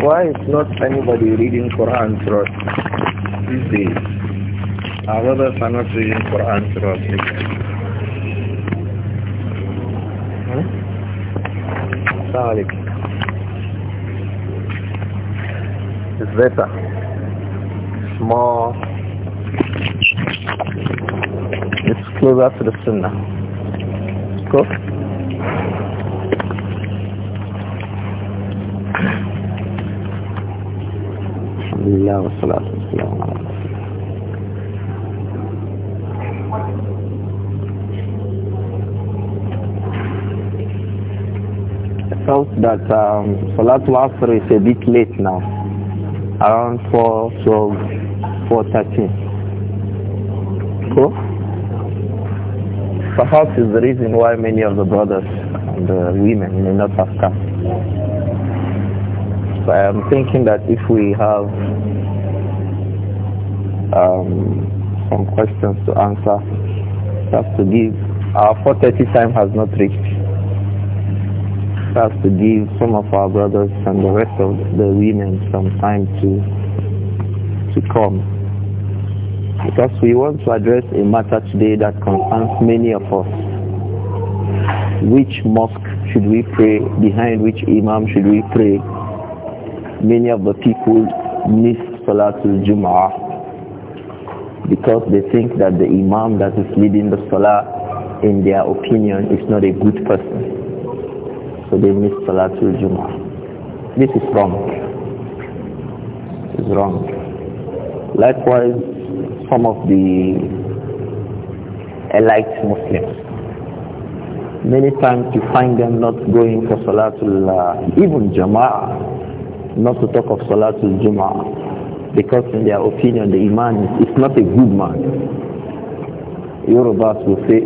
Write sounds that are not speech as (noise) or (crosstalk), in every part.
Why is not anybody reading Quran throughout? us these days? Our brothers are not reading Quran to us hmm? It's better It's more It's closer to the sunnah Cool? alhamdulillah wa salatu I felt that um, Salatul Asr is a bit late now, around 4, 12, 4.13. Cool? Perhaps is the reason why many of the brothers and the uh, women may not have come. I am thinking that if we have um, some questions to answer, just to give. Our 4.30 time has not reached. Just to give some of our brothers and the rest of the women some time to to come. Because we want to address a matter today that concerns many of us. Which mosque should we pray? Behind which imam should we pray? many of the people miss Salatul Jum'ah because they think that the Imam that is leading the Salah, in their opinion, is not a good person. So they miss Salatul Jum'ah. This is wrong. It's wrong. Likewise, some of the elite Muslims many times you find them not going for Salatul, uh, even Jama'ah not to talk of Salatul Jum'ah because in their opinion the iman is, not a good man. Yorubas will say,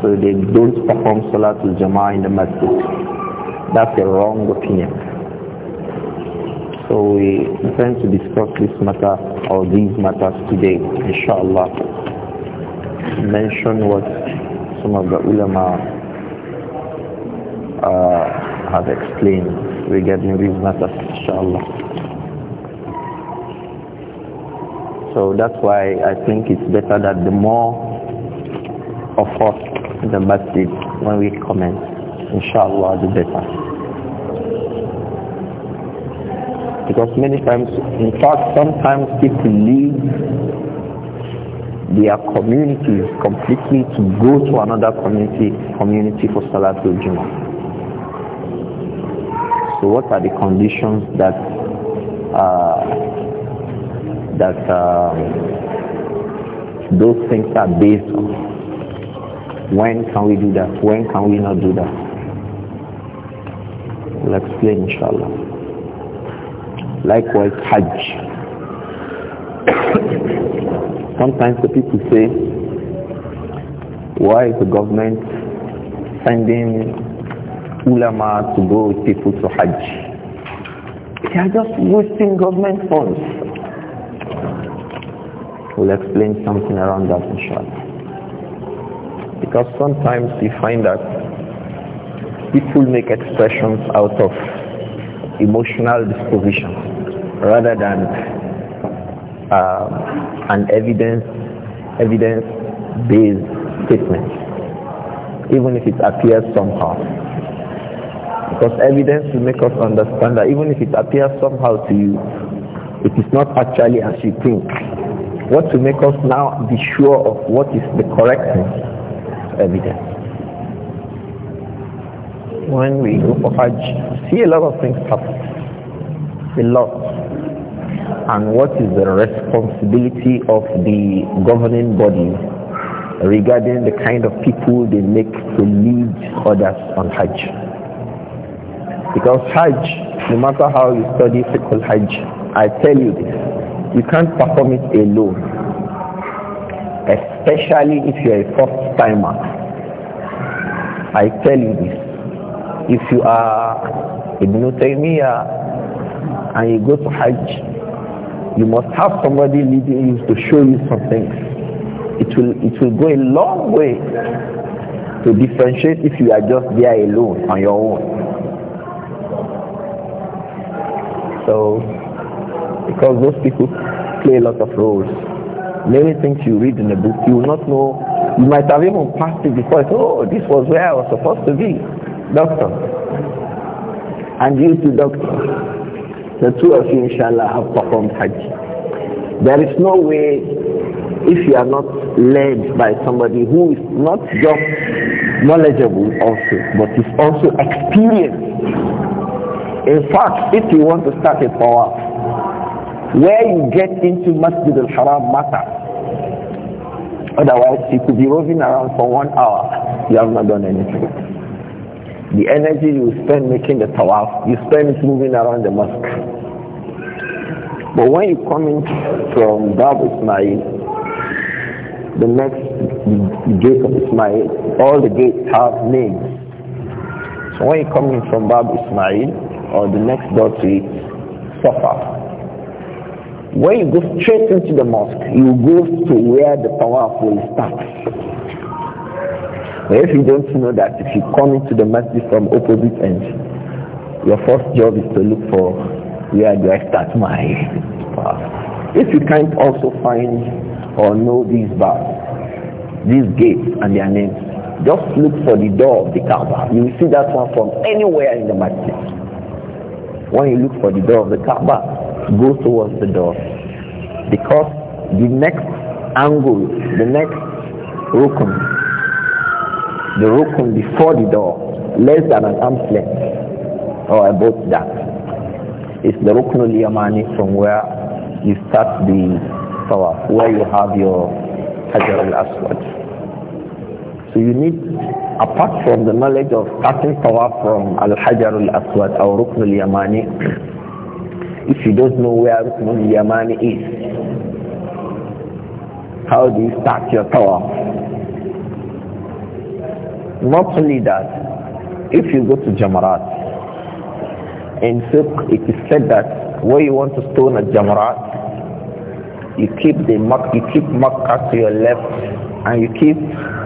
So they don't perform Salatul Jum'ah in the masjid. That's a wrong opinion. So we intend to discuss this matter or these matters today, inshallah. Mention what some of the ulama uh, explained regarding these matters, inshallah. So that's why I think it's better that the more of us the masjid when we comment, inshallah, the better. Because many times, in fact, sometimes people leave their communities completely to go to another community community for Salatul Jummah. So what are the conditions that uh, that um, those things are based on? When can we do that? When can we not do that? We'll explain inshallah. Likewise, Hajj. (coughs) Sometimes the people say, why is the government sending ulama to go with people to Hajj. They are just wasting government funds. We'll explain something around that inshallah. Because sometimes we find that people make expressions out of emotional disposition rather than uh, an evidence evidence based statement even if it appears somehow because evidence will make us understand that even if it appears somehow to you, it is not actually as you think. What to make us now be sure of what is the correct Evidence. When we go for Hajj, see a lot of things happen. A lot. And what is the responsibility of the governing body regarding the kind of people they make to lead others on Hajj? Because Hajj, no matter how you study Fiqh Hajj, I tell you this, you can't perform it alone. Especially if you are a first timer. I tell you this. If you are Ibn Taymiyyah and you go to Hajj, you must have somebody leading you to show you some things. It will, it will go a long way to differentiate if you are just there alone on your own. So, because those people play a lot of roles. Many things you read in a book, you will not know. You might have even passed it before. Say, oh, this was where I was supposed to be, doctor. And you too, doctor. The two of you, inshallah, have performed Hajj. There is no way if you are not led by somebody who is not just knowledgeable also, but is also experienced in fact, if you want to start a tawaf, where you get into Masjid al-Haram matters. Otherwise, you could be roving around for one hour. You have not done anything. The energy you spend making the tawaf, you spend it moving around the mosque. But when you come in from Bab Ismail, the next gate of Ismail, all the gates have names. So when you come in from Bab Ismail, or the next door to it, Safa. When you go straight into the mosque, you go to where the of will start. But if you don't know that, if you come into the mosque from opposite end, your first job is to look for where do I start my path. If you can't also find or know these bars, these gates and their names, just look for the door of the Kaaba. You will see that one from anywhere in the mosque when you look for the door of the Kaaba, go towards the door. Because the next angle, the next rukun, the rukun before the door, less than an arm's length, or about that, is the rukun al-yamani from where you start the tawaf, where you have your hajar al-aswad. So you need, apart from the knowledge of starting tawaf from Al-Hajar al-Aswad or Rukn al-Yamani, if you don't know where Rukn al-Yamani is, how do you start your tawaf? Not only that, if you go to Jamarat, in fiqh it is said that where you want to stone a Jamarat, you keep the you keep Makkah to your left and you keep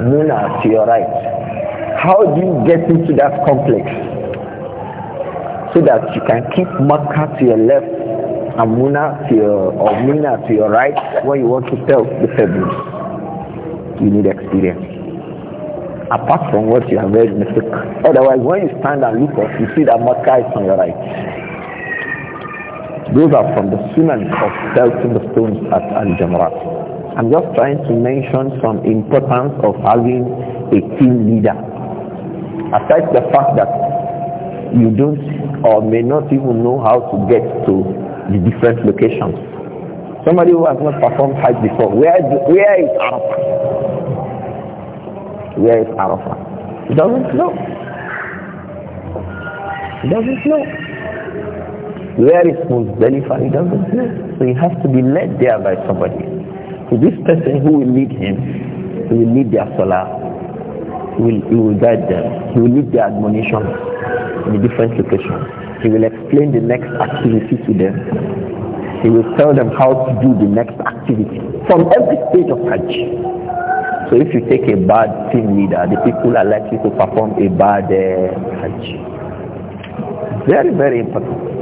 Muna to your right. How do you get into that complex? So that you can keep Makkah to your left and Muna to your or Muna to your right when you want to tell the pilgrims. You need experience. Apart from what you have read in the book. Otherwise, when you stand and look up, you see that Makkah is on your right. Those are from the sunan of pelting the stones at Al-Jamrat. I'm just trying to mention some importance of having a team leader. Aside the fact that you don't or may not even know how to get to the different locations. Somebody who has not performed Hajj before, where, where is Arafah? Where is Arafah? He doesn't know. He doesn't know. Where is Muzdalifah? He doesn't know. So he has to be led there by somebody. So this person who will lead him, he will lead their salah, he will, he will guide them, he will lead their admonition in a different locations. He will explain the next activity to them. He will tell them how to do the next activity from every stage of Hajj. So if you take a bad team leader, the people are likely to perform a bad uh, Hajj. Very, very important.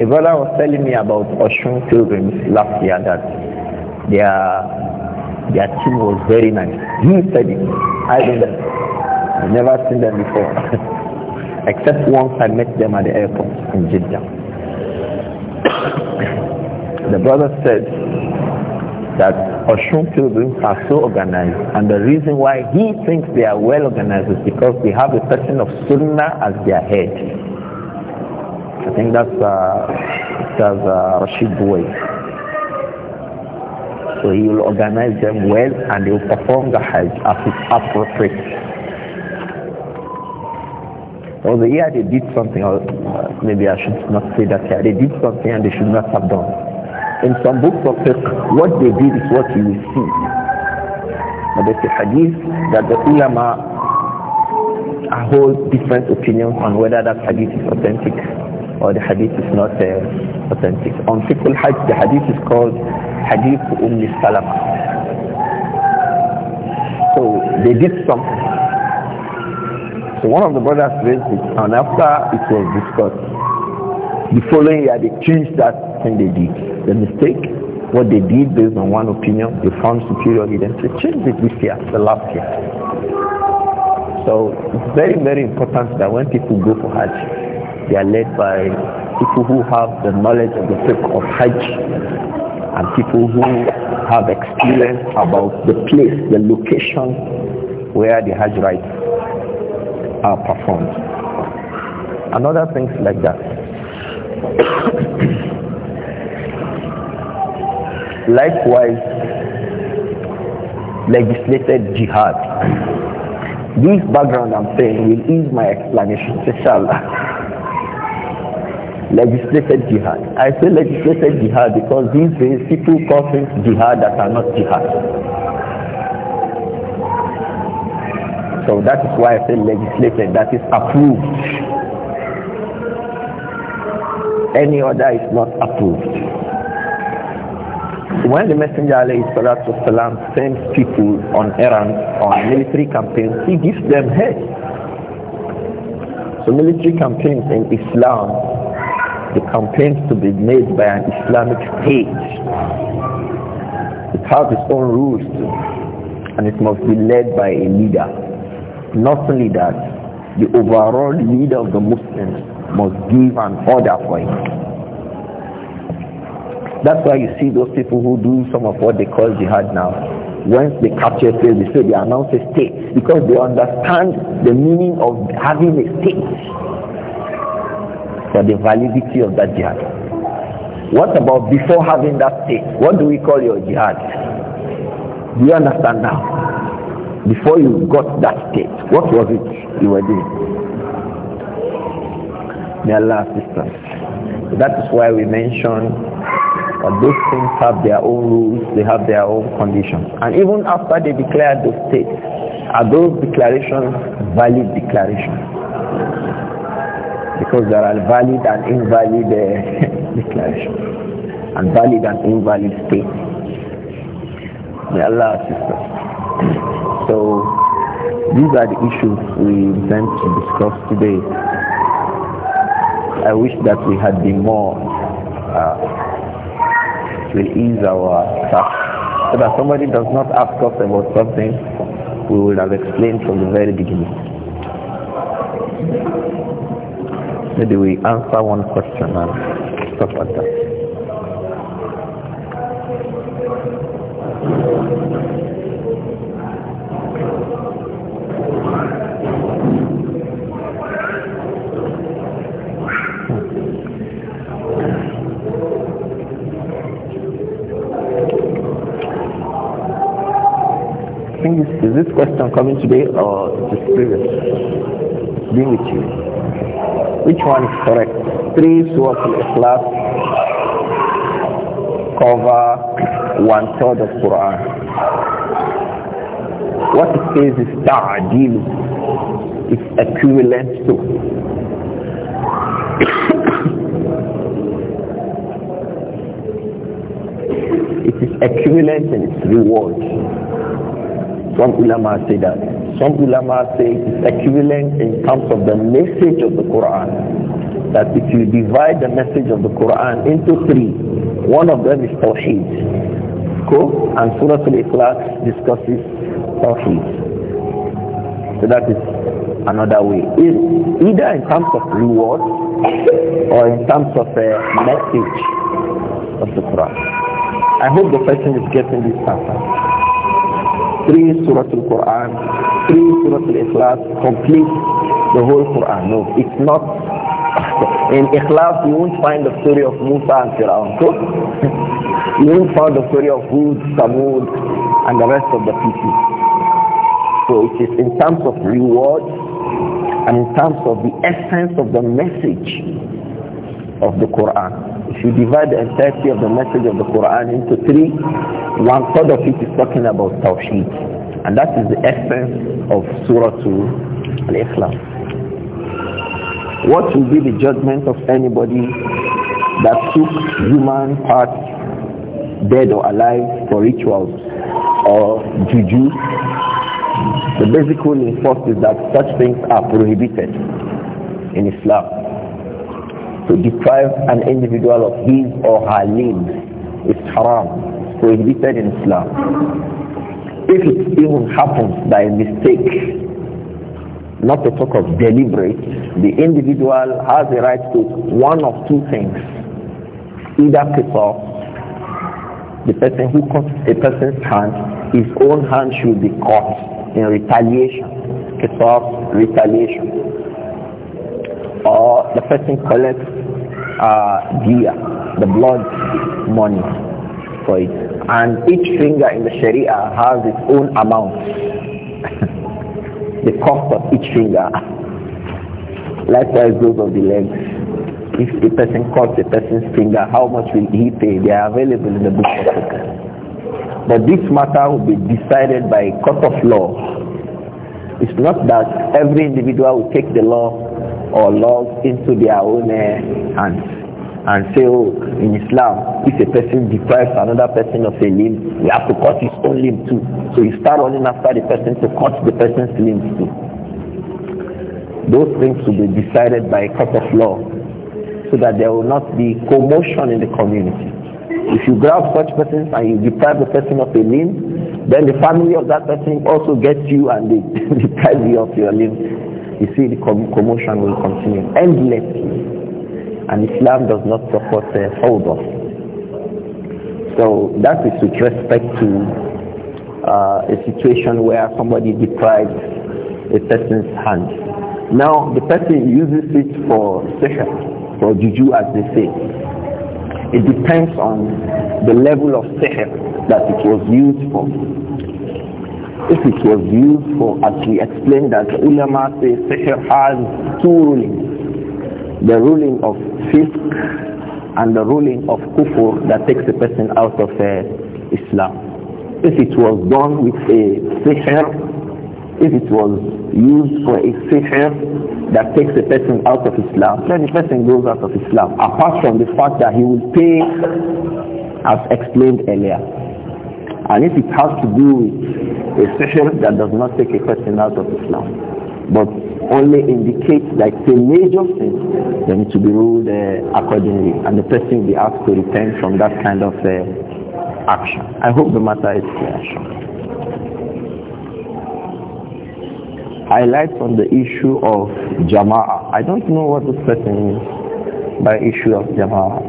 A brother was telling me about Oshun pilgrims last year that their their team was very nice. He said it. I don't know. I've never seen them before. (laughs) Except once I met them at the airport in Jeddah. (coughs) the brother said that Oshun pilgrims are so organized and the reason why he thinks they are well organized is because they have a person of Sunnah as their head. I think that's uh, that's uh, Rashid way. So he will organize them well and he will perform the Hajj as appropriate. well, the year they did something, or uh, maybe I should not say that here, they did something and they should not have done. In some books of fiqh, what they did is what you will see. But there's a hadith that the ulama hold different opinions on whether that hadith is authentic or the hadith is not uh, authentic. On Fiqh hajj the hadith is called Hadith Umm salam. So they did something. So one of the brothers raised it, and after it was discussed, the following year they changed that thing they did. The mistake, what they did based on one opinion, they found superior evidence. They changed it this year, the last year. So it's very, very important that when people go for Hajj, they are led by people who have the knowledge of the fiqh of Hajj and people who have experience about the place, the location where the Hajj rites are performed. And other things like that. (coughs) Likewise, legislated jihad. This background I'm saying will ease my explanation, inshallah legislated jihad. I say legislated jihad because these days people call things jihad that are not jihad. So that is why I say legislated, that is approved. Any other is not approved. When the Messenger والسلام, sends people on errands, on military campaigns, he gives them head. So military campaigns in Islam the campaigns to be made by an Islamic state. It has its own rules and it must be led by a leader. Not only that, the overall leader of the Muslims must give an order for it. That's why you see those people who do some of what they call jihad now. Once they capture a place, they say they announce a state because they understand the meaning of having a state for the validity of that jihad. What about before having that state? What do we call your jihad? Do you understand now? Before you got that state, what was it you were doing? May Allah assist us. That is why we mention that those things have their own rules, they have their own conditions. And even after they declare those states, are those declarations valid declarations? because there are valid and invalid eh, uh, (laughs) declarations and valid and invalid statements. May Allah assist us. So these are the issues we intend to discuss today. I wish that we had been more uh, will ease our task so that somebody does not ask us about something we would have explained from the very beginning. Maybe we answer one question and stop at that. Hmm. Is this question coming today or just previous? Being with you. Which one is correct? Three Surah Al-Ikhlas cover one third of Quran. What it says is ta'adil. It's equivalent to. (coughs) it is equivalent in its reward. Some ulama say that. Some ulama say it's equivalent in terms of the message of the Quran. That if you divide the message of the Quran into three, one of them is Tawheed. Cool? And Surah Al-Ikhlas discusses Tawheed. So that is another way. Either in terms of reward or in terms of a uh, message of the Quran. I hope the person is getting this pattern. Three Surah Al-Quran Three Surah Al-Ikhlas complete the whole Quran. No, it's not. (laughs) In Ikhlas, you won't find the story of Musa and Fir'aun. So, (laughs) you won't find the story of Hud, Samud, and the rest of the people. So it is in terms of reward and in terms of the essence of the message of the Quran. If you divide the entirety of the message of the Quran into three, one third of it is talking about Tawheed. And that is the essence of Surah 2 Al-Ikhlas. What will be the judgment of anybody that took human parts, dead or alive, for rituals or juju? The basic rule in force is that such things are prohibited in Islam. To deprive an individual of his or her limbs is haram, prohibited in Islam if it even happens by mistake, not to talk of deliberate, the individual has the right to one of two things. Either pick off the person who cuts a person's hand, his own hand should be cut in retaliation. Pick off retaliation. Or the person collects uh, gear, the blood money for it. And each finger in the Sharia has its own amount. (laughs) the cost of each finger. Likewise those of the legs. If a person cuts a person's finger, how much will he pay? They are available in the book of Fiqh. But this matter will be decided by a court of law. It's not that every individual will take the law or laws into their own eh, hands and say, oh, in Islam, if a person deprives another person of a limb, we have to cut his own limb too. So you start running after the person to cut the person's limb too. Those things will be decided by a court of law so that there will not be commotion in the community. If you grab such persons and you deprive the person of a limb, then the family of that person also gets you and they (laughs) deprive you of your limb. You see, the commotion will continue endlessly. And Islam does not support uh, fawdah. So that is with respect to uh, a situation where somebody deprives a person's hand. Now the person uses it for sihr, for juju as they say. It depends on the level of sihr that it was used for if it was used for, as we explained, that ulama say sihr has two rulings the ruling of fisk and the ruling of kufur that takes a person out of uh, Islam. If it was done with a sihr, if it was used for a sihr that takes a person out of Islam, then the person goes out of Islam, apart from the fact that he will pay as explained earlier. And if it has to do with a sihr that does not take a person out of Islam. But only indicates that it's a major sin, then it will be ruled uh, accordingly, and the person will be asked to repent from that kind of uh, action. I hope the matter is clear. Highlights on the issue of Jama'ah. I don't know what this person means by issue of Jama'ah.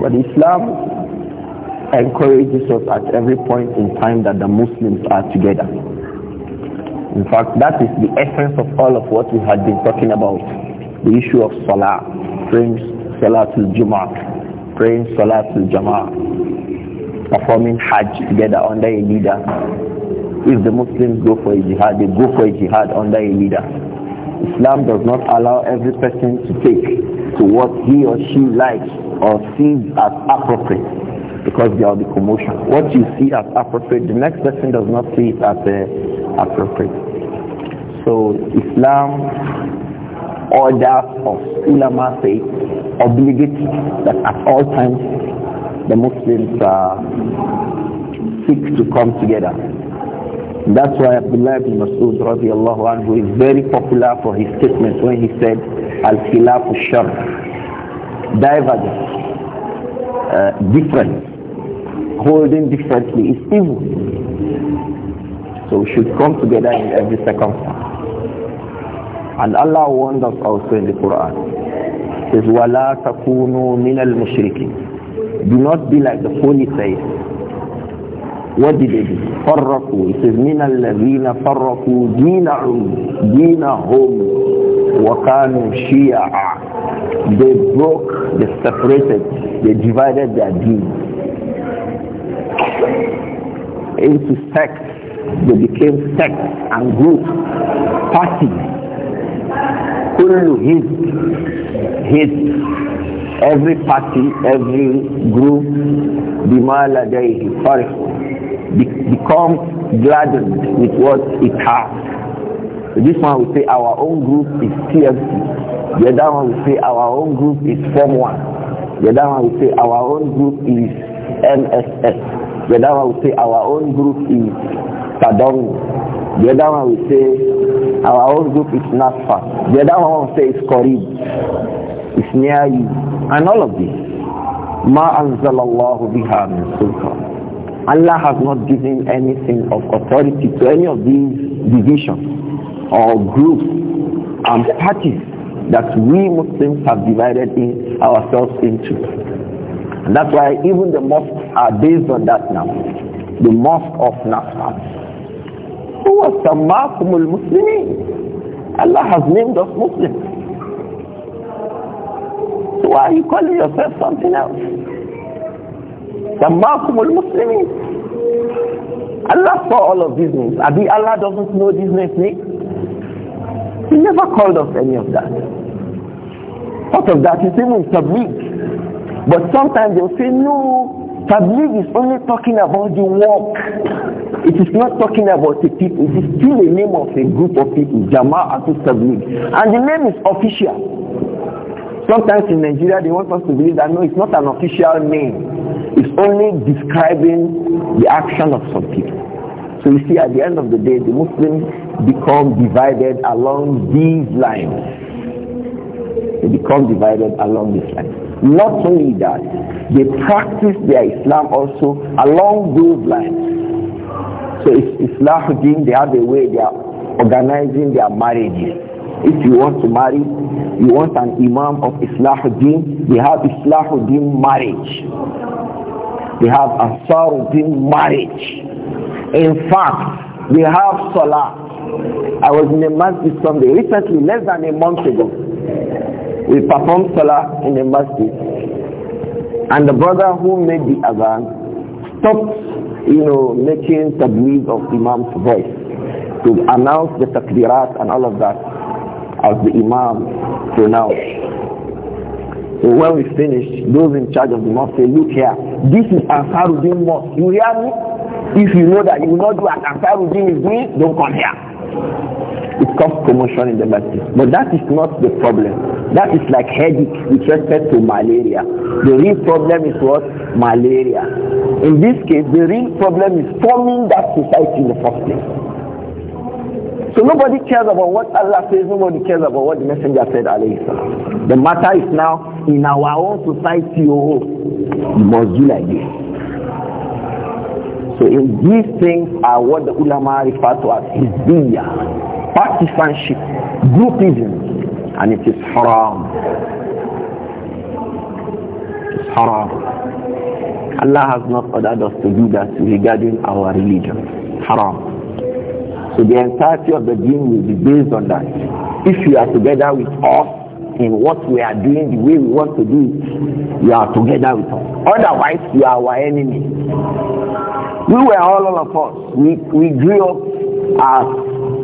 But Islam encourages us at every point in time that the Muslims are together. In fact, that is the essence of all of what we had been talking about. The issue of Salah, praying salah to Jummah, praying salah to Juma, performing Hajj together under a leader. If the Muslims go for a jihad, they go for a jihad under a leader. Islam does not allow every person to take to what he or she likes or sees as appropriate because there are the commotion. What you see as appropriate, the next person does not see it as uh, appropriate. So Islam orders of ulama say obligates that at all times the Muslims uh, seek to come together. That's why Abdullah ibn Masud radiallahu anhu is very popular for his statement when he said, Al-Khilaf al-Shar, divergence, uh, difference, holding differently is evil. So we should come together in every circumstance. And Allah warns us also in the Quran. It says, Do not be like the polytheists. What did they do? فرقوا. It says, مِنَ الَّذِينَ فَرَّقُوا دِينَهُمْ دِينَهُمْ وَكَانُوا شِيَعًا They broke, they separated, they divided their deen into sects. They became sects and groups, parties kullu his his every party every group bima ladayhi be, becomes gladdened with what it has this one will say our own group is TFC the other one will say our own group is form 1 the other one will say our own group is MSS the other one will say our own group is Sadong the other one will say our own group is not far. The other one will say it's Qarib. It's near you. And all of this. Ma anzalallahu biha min sultan. Allah has not given anything of authority to any of these divisions or groups and parties that we Muslims have divided in ourselves into. And that's why even the mosques are based on that now. The mosque of Nasrat. هو سماكم المسلمين Allah has named us Muslims so why are you calling yourself something else سماكم المسلمين Allah saw all of these names Abi Allah doesn't know these names He never called us any of that part of that is even submit but sometimes they'll say no Tabligh is only talking about the work. It is not talking about the people. It is still the name of a group of people, Jama'atul Tabligh. And the name is official. Sometimes in Nigeria they want us to believe that no, it's not an official name. It's only describing the action of some people. So you see, at the end of the day, the Muslims become divided along these lines. They become divided along these lines. Not only that, they practice their Islam also along those lines. So it's Islam they have a way they are organizing their marriages. If you want to marry, you want an imam of Islahuddin, they have Islahuddin marriage. They have Ansaruddin marriage. In fact, they have Salah. I was in a masjid Sunday recently, less than a month ago we perform salah in the masjid and the brother who made the adhan stops, you know making tabweez of imam's voice to announce the takbirat and all of that as the imam pronounced so when we finish those in charge of the mosque say look here this is ansaruddin mosque you hear me if you know that you will not do what ansaruddin is doing don't come here it caused promotion in the masjid. But that is not the problem. That is like headache with respect to malaria. The real problem is what? Malaria. In this case, the real problem is forming that society in the first place. So nobody cares about what Allah says, nobody cares about what the Messenger said, alayhi The matter is now in our own society, oh, must do like this. So in these things are what the ulama refer to as hizbiyya, partisanship, groupism, and it is haram. It's haram. Allah has not ordered us to do that regarding our religion. Haram. So the entirety of the deen will be based on that. If you are together with us in what we are doing the way we want to do it, you are together with us. Otherwise, you are our enemy. We were all, all of us. We, we grew up as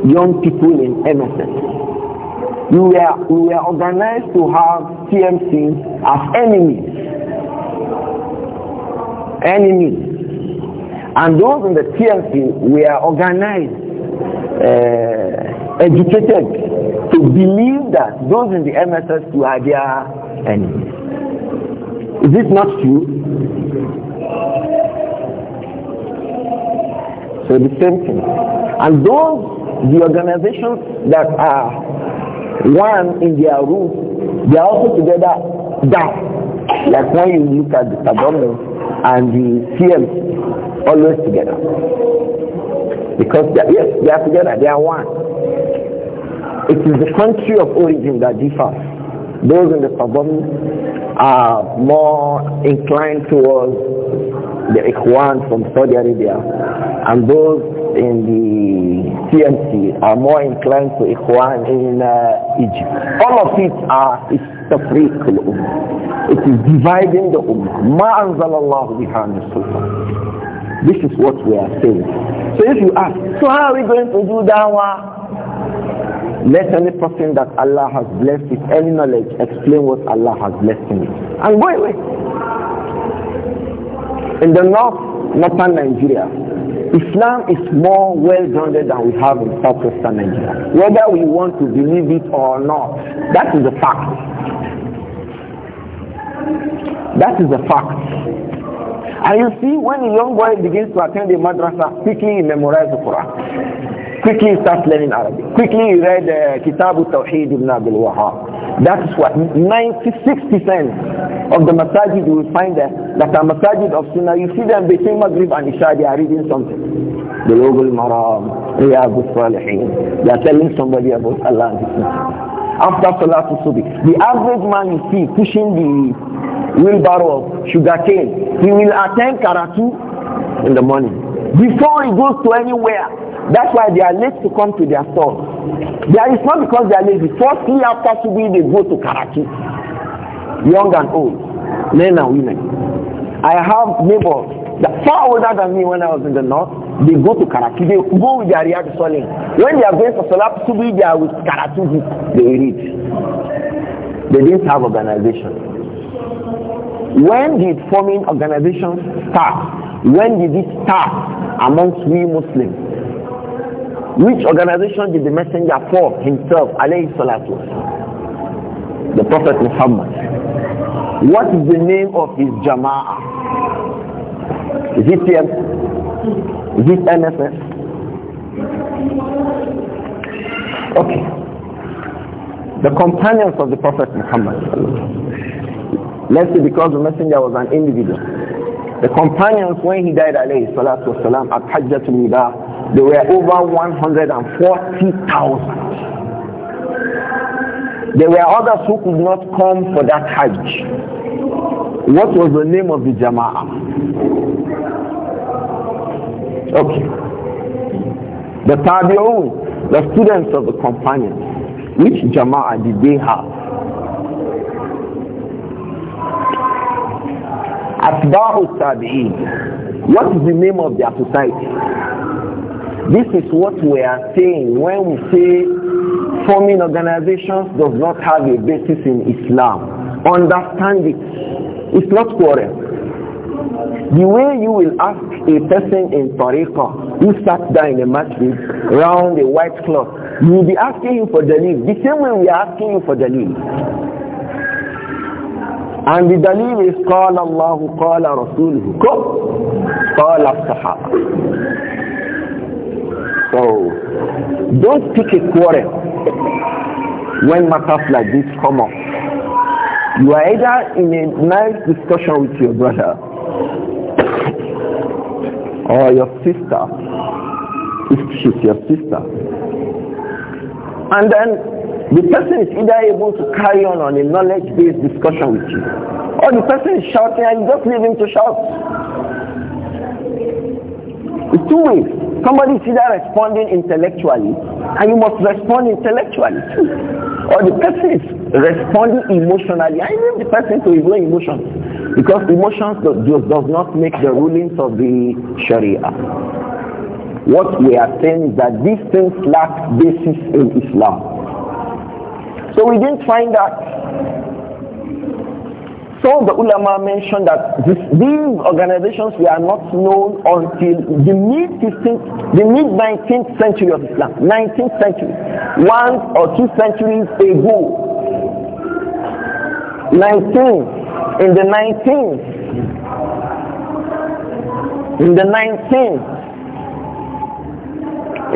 young people in MSN. We were, we were organized to have TMC as enemies. Enemies. And those in the TMC were organized. Uh, educated to believe that those in the MSS who are their enemies. Is it not true? So the same thing. And those, the organizations that are one in their room, they are also together that. Like when you look at the abdomen and the CM, always together. Because they are, yes, they are together, they are one. It is the country of origin that differs. Those in the southern are more inclined towards the Ikhwan from Saudi Arabia and those in the CMC are more inclined to Ikhwan in uh, Egypt. All of it are is the It is dividing the Ummah. Ma anzalallahu bihan This is what we are saying. So if you ask, so how are we going to do dawah? Let any person that Allah has blessed with any knowledge explain what Allah has blessed him with. And go away. In the north, northern Nigeria, Islam is more well-grounded than we have in southwestern Nigeria. Whether we want to believe it or not, that is a fact. That is a fact. And you see, when a young boy begins to attend the madrasa, quickly he memorizes the Quran. Quickly he starts learning Arabic. Quickly he read uh, Kitab al-Tawheed ibn Wahab. That is what 96% of the masajid you will find there, that are masajid of Sunnah, you see them between Maghrib and Isha, they are reading something. The Bulugh al-Maram, Riyadh al-Salihin. They are telling somebody about Allah and His After Salatul the average man you see pushing the wheelbarrow of sugarcane. He will attend Karatu in the morning. Before he goes to anywhere, that's why they are late to come to their store. There is not because they are lazy. Firstly, after Subi, they go to Karatu. Young and old, men and women. I have neighbors that far older than me when I was in the north. They go to Karatu. They go with their Riyadh Solim. When they are going to Salat Subi, they are with Karatu. They read. They didn't have organization. When did forming organizations start? When did it start amongst we Muslims? Which organization did the messenger form himself, alayhi salatu The Prophet Muhammad. What is the name of his jama'ah? Is it TM? Is it NFS? Okay. The companions of the Prophet Muhammad Let's say because the messenger was an individual. The companions, when he died, alayhi salatu wasalam, at Hajjatul Wida, they were over 140,000. There were others who could not come for that Hajj. What was the name of the Jama'ah? Okay. The Tabi'un, the students of the companions, which Jama'ah did they have? Atba'u Tabi'in. What is the name of their society? This is what we are saying when we say forming organizations does not have a basis in Islam. Understand it. It's not quarrel. The way you will ask a person in Tariqah who sat down in a masjid round a white cloth, you will be asking him for the leave. The same way we are asking you for the leave. And the dalil is قال الله قال رسوله قال الصحابة. So don't pick a quarrel when matters like this come up. You are either in a nice discussion with your brother or your sister, if she's your sister. And then the person is either able to carry on on a knowledge-based discussion with you, or the person is shouting and you just leave him to shout. It's two ways. Somebody is either responding intellectually, and you must respond intellectually too. Or the person is responding emotionally, I leave the person to his own emotions. Because emotions do, do, does not make the rulings of the Sharia. What we are saying is that these things lack basis in Islam. So we didn't find that. So the ulama mentioned that this, these organizations were not known until the mid the mid 19th century of Islam, 19th century, one or two centuries ago. Nineteen, in the 19th, in the 19th,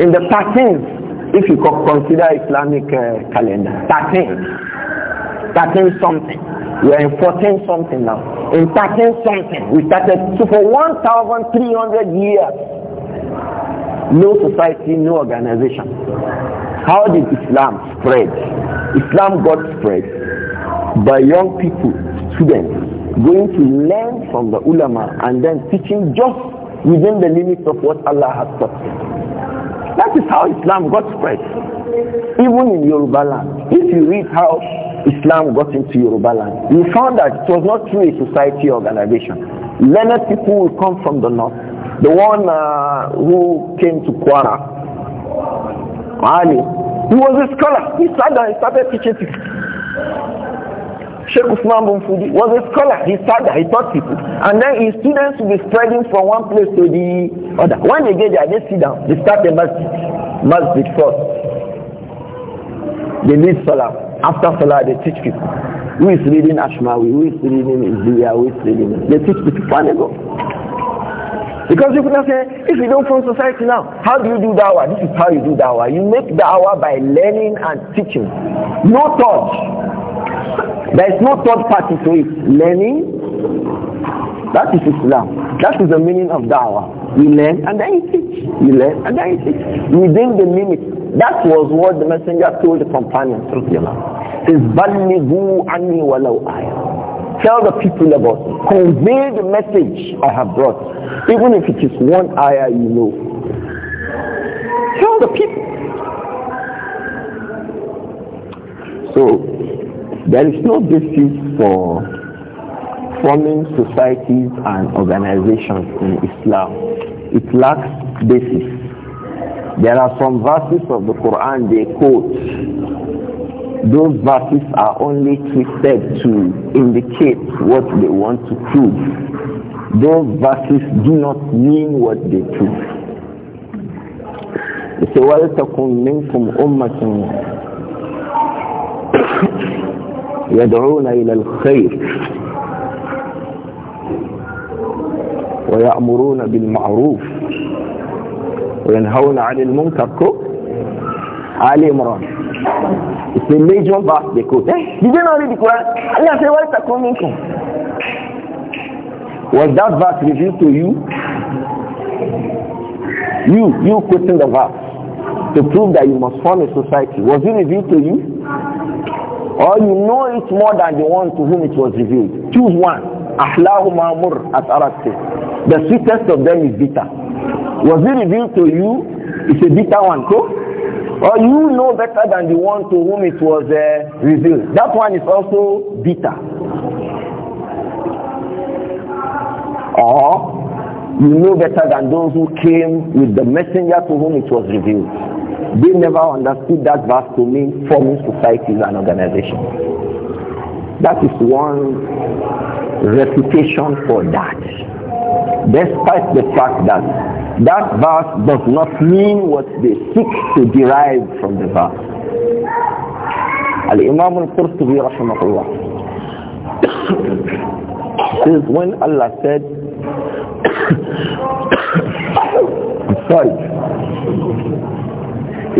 in the 13th, if you consider Islamic uh, calendar, 13, 13 something. We are in 14 something now. In 13 something, we started. So for 1,300 years, no society, no organization. How did Islam spread? Islam got spread by young people, students, going to learn from the ulama and then teaching just within the limits of what Allah has taught. That is how Islam got spread. Even in Yoruba land, if you read how Islam got into Yoruba land, you found that it was not through a society organization. Learned people will come from the north. The one uh, who came to Kwara, Ali, he was a scholar. He sat there and started teaching people. Sheikh Usman bin was a scholar. He sat he taught people. And then his students will be spreading from one place to the other. When they get there, they sit down. They start the masjid. Masjid first. They lead Salah. After Salah, they teach people. Who is reading Ashmawi? Who is reading Izziya? Who is reading? They teach people. And they go. Because people not say, if you don't form society now, how do you do dawah? This is how you do dawah. You make dawah by learning and teaching. No touch. There is no third party to it. Learning, that is Islam. That is the meaning of da'wah. You learn and then you teach. You learn and then you teach. Within the limit. That was what the messenger told the companions. Tell the people about it. Convey the message I have brought. Even if it is one ayah you know. Tell the people. So there is no basis for forming societies and organizations in Islam. It lacks basis. There are some verses of the Quran they quote. Those verses are only twisted to indicate what they want to prove. Those verses do not mean what they prove. وَلْتَكُنْ مِنْكُمْ أُمَّةٌ يدعون إلى الخير ويأمرون بالمعروف وينهون عن المنكر كو آل عمران It's a major verse they quote. Eh? Did you not read the Quran? Allah Was that verse revealed to you? You, you quoting the verse to prove that you must form a society. Was it revealed to you? Or you know it more than the one to whom it was revealed. Choose one. Ahlahuma mur, as The sweetest of them is bitter. Was it revealed to you? It's a bitter one, too. Or you know better than the one to whom it was uh, revealed. That one is also bitter. Or you know better than those who came with the messenger to whom it was revealed. They never understood that verse to mean forming societies and organizations. That is one reputation for that. Despite the fact that that verse does not mean what they seek to derive from the verse. Al-Imam al-Qurtubi rahimahullah (coughs) says when Allah said, (coughs) sorry,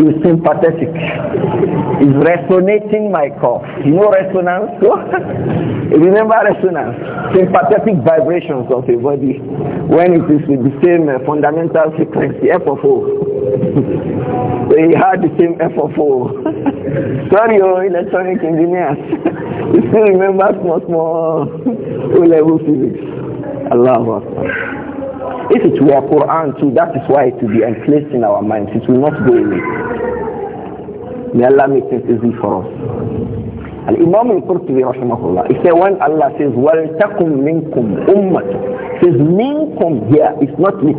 is sympathetic. Is resonating my cough. You know resonance? (laughs) Remember resonance? Sympathetic vibrations of a body when it is with the same uh, fundamental frequency, FFO. (laughs) they had the same FFO. (laughs) Sorry, oh, electronic engineers. you still remember small, small O-level physics. Allahu Akbar. If it were Quran too, that is why it will be emplaced in our minds. It will not go away. May Allah make things easy for us. And Imam al-Qurtubi rahimahullah, he said when Allah says, وَلْتَكُمْ مِنْكُمْ أُمَّةٌ says minkum here is not min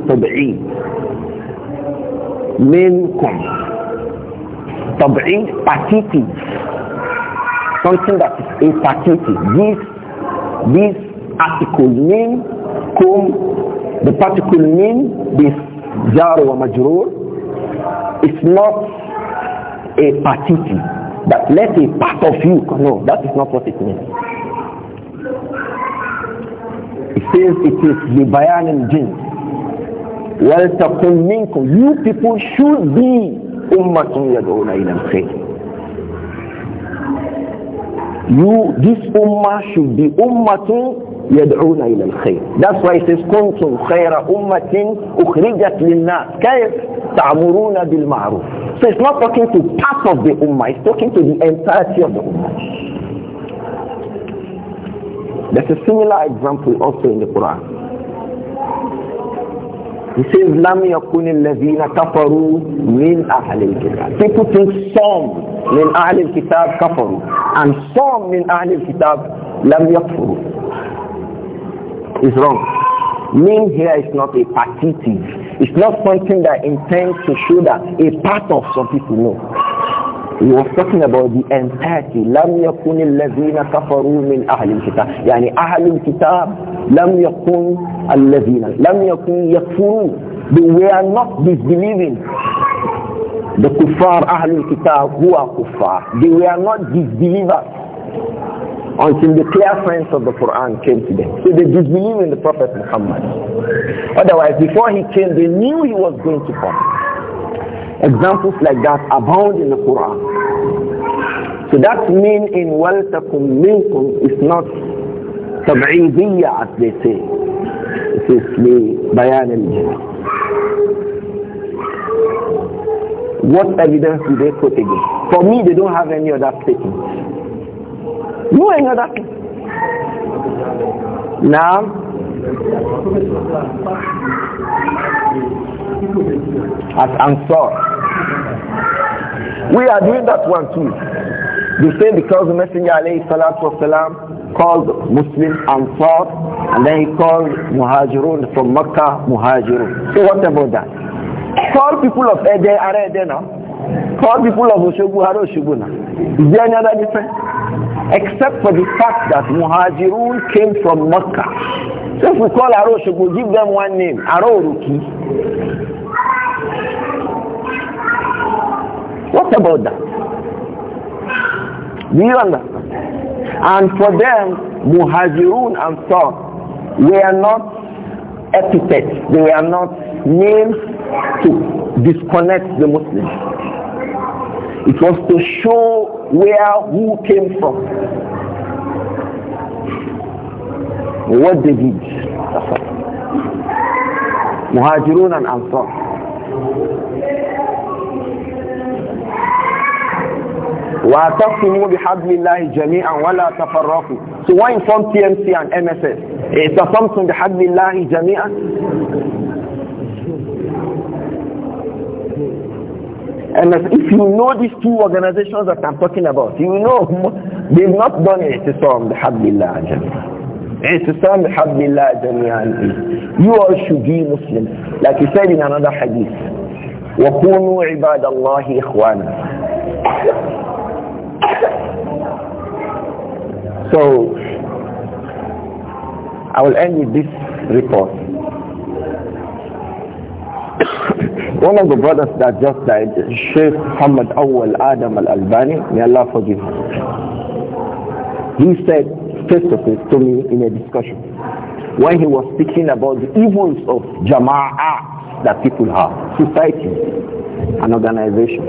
منكم تبعيد patiti something that is a partitive this this article kum. The particle min, this jar wa majrur, is not a partiti. That let a part of you, no, that is not what it means. It says it is the bayan and jinn. وَلْتَقُمْ مِنْكُمْ You people should be أُمَّةٌ يَدْعُونَ إِلَى الْخَيْرِ You, this ummah should be ummatun يدعون إلى الخير that's why it says كنتم خير أمة أخرجت للناس كيف تعمرون بالمعروف so it's not talking to part of the ummah it's talking to the entirety of the ummah there's a similar example also in the Quran He says, لم يكن الذين كفروا من أهل الكتاب. People think some من أهل الكتاب كفروا and some من أهل الكتاب لم يكفروا. is wrong. Mean here is not a partitive. It's not something that intends to show that a part of some people know. He was talking about the entirety. لم يكن الذين كفروا من أهل الكتاب يعني أهل الكتاب لم يكن الذين لم يكن يكفرون They were not disbelieving the kuffar Ahlul Kitab who are kuffar. They were not disbelievers until the clear signs of the Quran came to them. So they believe in the Prophet Muhammad. Otherwise, before he came, they knew he was going to come. Examples like that abound in the Quran. So that mean in Walatul Minkum is not تبعيدية as they say. It is لبيان الجنس. What evidence do they put against? For me, they don't have any other statement. Now, at Ansar, we are doing that one too. The same because the Messenger alayhi salatu wasalam called Muslim Ansar and then he called Muhajirun from Makkah Muhajirun. So what about that? Call people of Ede, are Ede now. Call people of Oshogu, are Oshogu now. Is there any other difference? except for the fact that Muhajirun came from Mecca. So if we call Aro Shogo, give them one name, Aro What about that? Do you understand? And for them, Muhajirun and we were not epithets, they were not names to disconnect the Muslims. It was to show where who came from. What they did. Muhajirun and Ansar. واعتصموا بحبل الله جميعا ولا تفرقوا سواء from TMC and MSS اعتصمتم بحبل الله جميعا And if you know these two organizations that I'm talking about, you know (laughs) they've not done Ihtisam bihamdillah jamia. Ihtisam bihamdillah jamia. You are should be Muslim, Like he said in another hadith, وَكُونُوا عِبَادَ اللَّهِ إِخْوَانًا So, I will end with this report. One of the brothers that just died, Sheikh Muhammad Awal Adam al-Albani, may Allah forgive him. He said face to face to me in a discussion when he was speaking about the evils of jama'ah that people have, society and organization.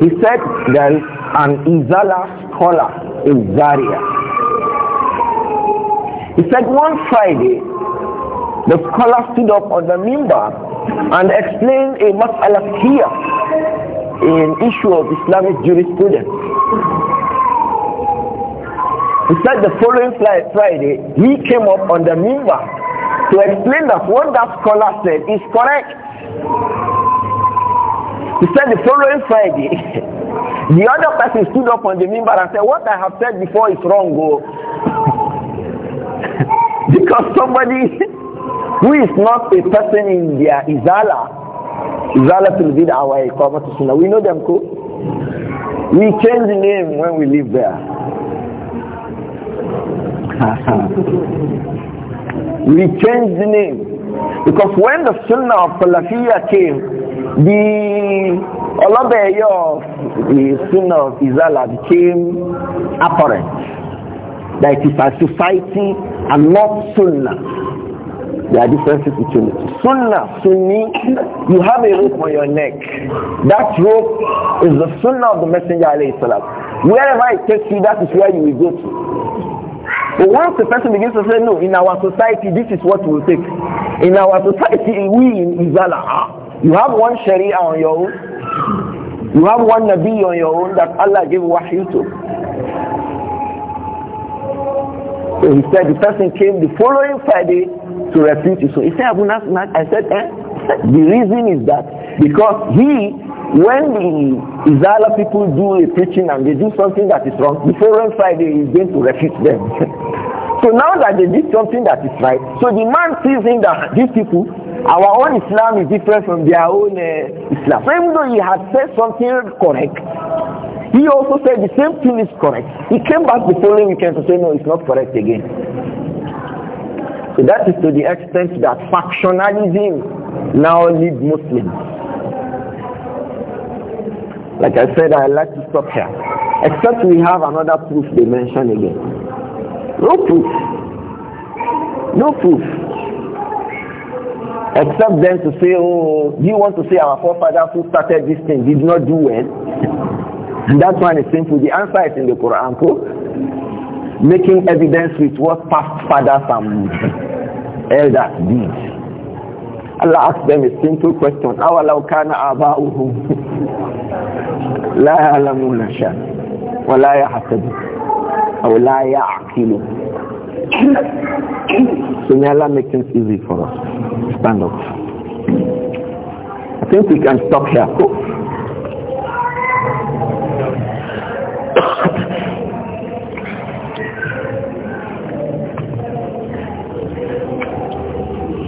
He said there is an Izala scholar in Zaria. He said one Friday the scholar stood up on the mimbar and explained a mas'ala here, in issue of Islamic jurisprudence. He said the following Friday, he came up on the mimbar to explain that what that scholar said is correct. He said the following Friday, (laughs) the other person stood up on the mimbar and said, what I have said before is wrong, oh. (laughs) because somebody (laughs) who is not a person in their izala, izala to bid our iqamat sunnah. We know them, cool? We change the name when we live there. (laughs) we change the name because when the sunnah of Salafiyah came, the Olabeye of the sunnah of Izala became apparent that it is a society and not sunnah. There are differences between it. Sunnah, Sunni, you have a rope on your neck. That rope is the Sunnah of the Messenger alayhi salam. Wherever it takes you, that is where you will go to. But once the person begins to say, no, in our society, this is what we'll take. In our society, we in Izala, ah, you have one Sharia on your own. You have one Nabi on your own that Allah gave wahyu to. So he said the person came the following Friday to refute you, so He said, Abu I said, eh? The reason is that because he, when the Izala people do a preaching and they do something that is wrong, the following Friday is going to refute them. (laughs) so now that they did something that is right, so the man sees in that these people, our own Islam is different from their own uh, Islam. So even though he had said something correct, he also said the same thing is correct. He came back the following weekend to say, no, it's not correct again. So that is to the extent that factionalism now leads Muslims. Like I said, I like to stop here. Except we have another proof they mention again. No proof. No proof. Except then to say, oh, do you want to say our forefathers who started this thing did not do well? And (laughs) that's one is simple. The answer is in the Quran making evidence with what past fathers and elders did. Allah asked them a simple question. أَوَلَوْ كَانَ آبَاؤُهُمْ لَا يَعْلَمُونَ شَيْئًا وَلَا يَحْتَدُونَ أَوْ لَا يَعْقِلُونَ So may Allah make things easy for us. Stand up. I think we can stop here.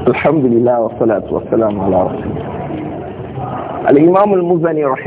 الحمد لله والصلاة والسلام على رسول الله الإمام المزني رحمه